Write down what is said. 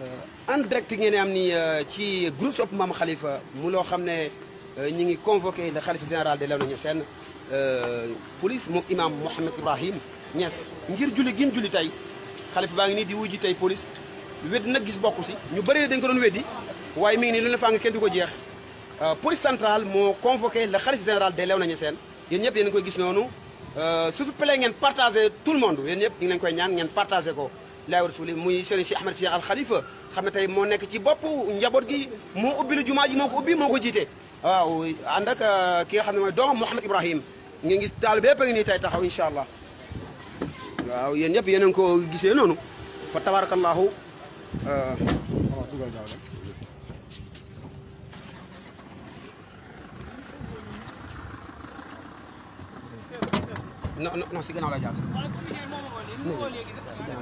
Euh, en direct ngeen am ni euh, ci group sopp maam Khalifa mu loo xam ne euh, ñu ngi convoqué le xalifa général de Léona Niassène police moom imam Mouhamed Ibrahim Niass ngir julli gin julli tey xalifa baa ngi nii di wuy ji tey police wedd nag gis bokku si ñu bëri dañ ko doon weddi waaye mi ni nii lu ne faa nga kenn du ko jeex police centrale moo convoqué le xalifa général de Léona Niassène yéen ñëpp yéen ko gis noonu s'il vous plaît ngeen partagé tout le monde yéen ñëpp ñu ngi leen koy ñaan ngeen partagé ko laa rasuli muy Serigne si Ahmed si al Khalifa xam ne tey moo nekk ci bopp njaboot gi moo ubbi la jumaa ji moo ko ubbi moo ko jiite waaw ànd ak euh, ki nga xam ne mooy doomam Mouhamed Ibrahim ngi gis daal bépp a ngi nii tey taxaw incha allah waaw yéen ñëpp yéen a ngi ko gisee noonu fa tabarakallahu euh. non non non si gannaaw laa jàll